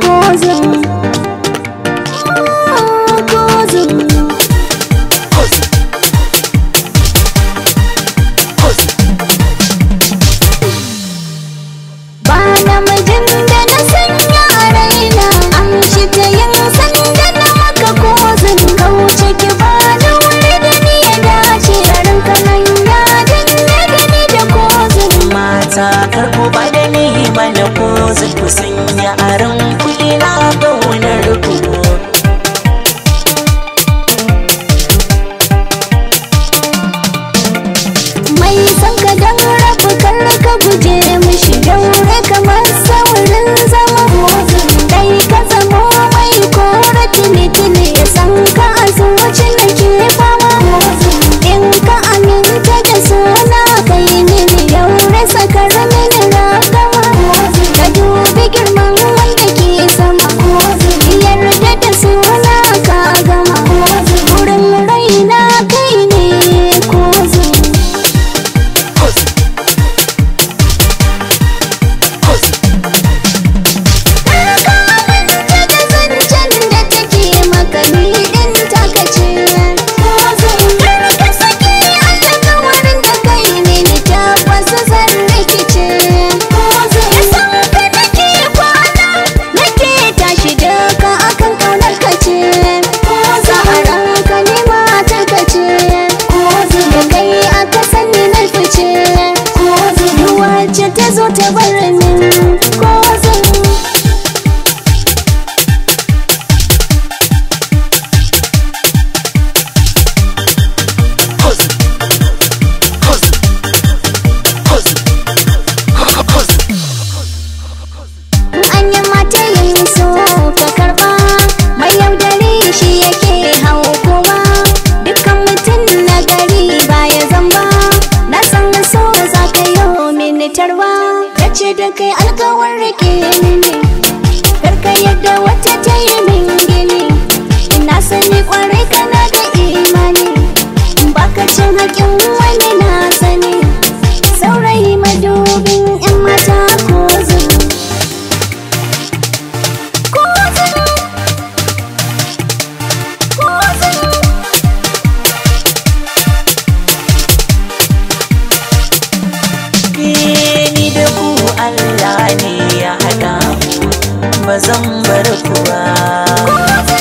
Cause zai kusanya a ran cutarwa ce da kai alkawar rike mini karka yadda wata ta yi min gini ina sani kwarai kana da imani baka cin haƙin wani ne ya haɗa ba zan bar ku ba